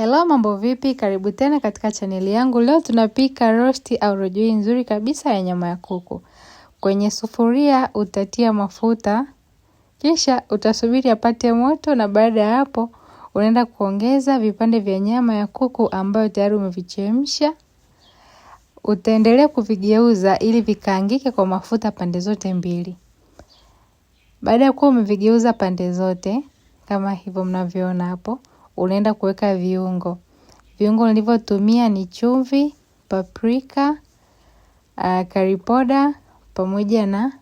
Hello, mambo vipi? Karibu tena katika chaneli yangu. Leo tunapika rosti au rojoi nzuri kabisa ya nyama ya kuku. Kwenye sufuria utatia mafuta, kisha utasubiri apate moto, na baada ya hapo unaenda kuongeza vipande vya nyama ya kuku ambayo tayari umevichemsha. Utaendelea kuvigeuza ili vikaangike kwa mafuta pande zote mbili. Baada ya kuwa umevigeuza pande zote kama hivyo mnavyoona hapo unaenda kuweka viungo. Viungo nilivyotumia ni chumvi, paprika, uh, ah, karipoda pamoja na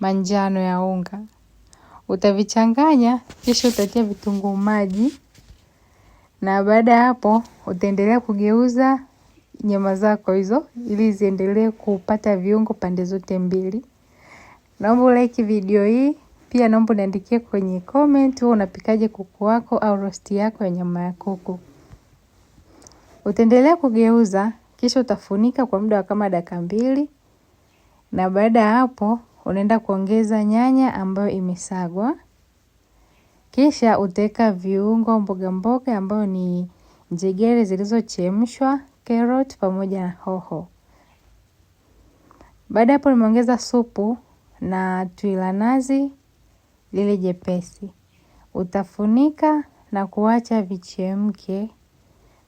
manjano ya unga. Utavichanganya kisha utatia vitunguu maji, na baada ya hapo utaendelea kugeuza nyama zako hizo ili ziendelee kupata viungo pande zote mbili. Naomba ulike video hii pia naomba uniandikie kwenye comment, wewe unapikaje kuku wako au roast yako ya nyama ya kuku. Utaendelea kugeuza kisha utafunika kwa muda wa kama dakika mbili, na baada ya hapo unaenda kuongeza nyanya ambayo imesagwa, kisha utaweka viungo mboga mboga ambayo ni njegere zilizochemshwa, carrot pamoja na hoho. Baada hapo nimeongeza supu na tui la nazi lile jepesi. Utafunika na kuacha vichemke,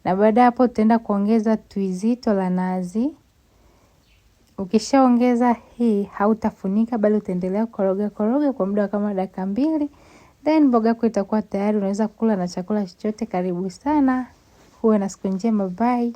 na baada ya hapo utaenda kuongeza tui zito la nazi. Ukishaongeza hii, hautafunika bali utaendelea koroga koroga kwa muda kama dakika mbili, then mboga yako itakuwa tayari. Unaweza kula na chakula chochote. Karibu sana, huwe na siku njema. Bye.